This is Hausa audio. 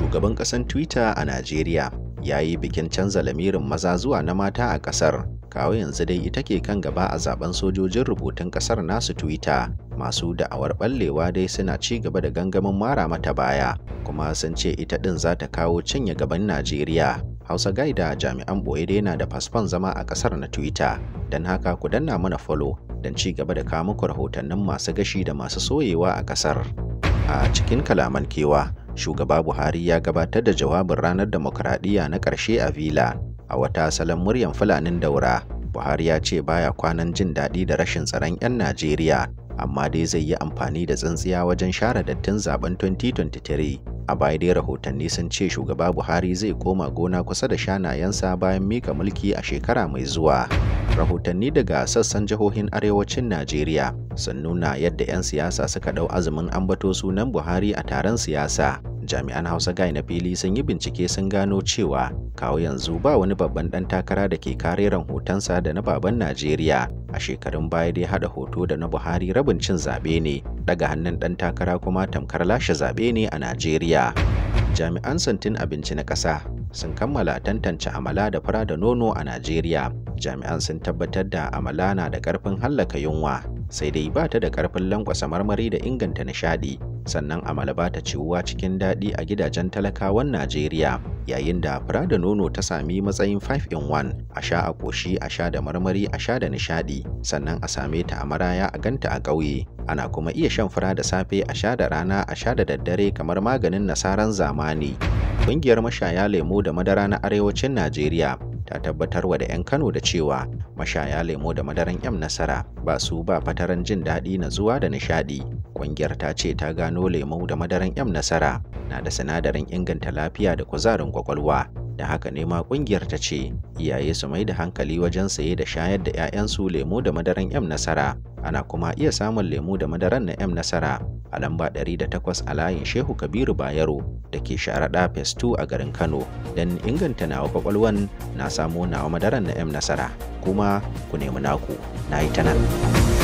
shugaban ƙasan Twitter a Najeriya ya yi bikin canza lamirin maza zuwa na mata a ƙasar. Kawo yanzu dai ita ke kan gaba a zaben sojojin rubutun ƙasar nasu Twitter. Masu da'awar ɓallewa dai suna ci gaba da gangamin mara mata baya, kuma sun ce ita ɗin za ta kawo cinye gaban Najeriya. Hausa Gaida jami'an ɓoye dai na da fasfon zama a ƙasar na Twitter, don haka ku danna mana follow don ci gaba da kawo muku rahotannin masu gashi da masu soyewa a ƙasar. A cikin kalaman kewa, shugaba buhari ya gabatar da jawabin ranar demokuraɗiyya na ƙarshe a vila a wata salon muryan fulanin daura buhari ya ce baya kwanan jin daɗi da rashin tsaron 'yan najeriya amma dai zai yi amfani da tsintsiya wajen share dattin zaben 2023 a baya dai rahotanni sun ce shugaba buhari zai koma gona kusa da shanayensa bayan mika mulki a shekara mai zuwa rahotanni daga sassan jihohin arewacin najeriya sun nuna yadda 'yan siyasa suka ɗau azumin ambato sunan buhari a taron siyasa jami'an Hausa Guy na fili sun yi bincike sun gano cewa kawo yanzu ba wani babban ɗan takara da ke kare ran hotonsa da na baban Najeriya. A shekarun baya dai hada hoto da na Buhari rabin cin zaɓe ne, daga hannun ɗan takara kuma tamkar lashe zaɓe ne a Najeriya. Jami'an santin abinci na ƙasa sun kammala tantance amala da fura da nono a Najeriya. Jami'an sun tabbatar da amala na da ƙarfin hallaka yunwa sai dai ba ta da ƙarfin lankwasa marmari da inganta nishaɗi sannan amala ba ta ciwuwa cikin daɗi a gidajen talakawan Najeriya yayin da fura da nono ta sami matsayin 5 in 1 a sha a ƙoshi a sha da marmari a sha da nishaɗi sannan a same ta a maraya a ganta a ƙauye ana kuma iya shan fura da safe a sha da rana a sha da daddare kamar maganin nasaran zamani. Ƙungiyar mashaya lemo da madara na arewacin Najeriya ta wa da 'yan Kano da cewa mashaya lemo da madaran 'yan nasara ba su ba fataran jin daɗi na zuwa da nishaɗi. Ƙungiyar ta ce ta gano lemo da madaran 'yan nasara na da sinadarin inganta lafiya da kuzarin kwakwalwa. Da haka ne ma ƙungiyar ta ce iyaye su mai da hankali wajen saye da shayar da 'ya'yansu lemo da madaran 'yan nasara. Ana kuma iya samun lemo da madaran na 'yan nasara a lamba 108 a layin Shehu Kabiru Bayero da ke sharaɗa 2 a garin Kano don inganta nawa kwakwalwan na samo nawa madaran na 'yan nasara kuma ku nemi naku na yi ta nan.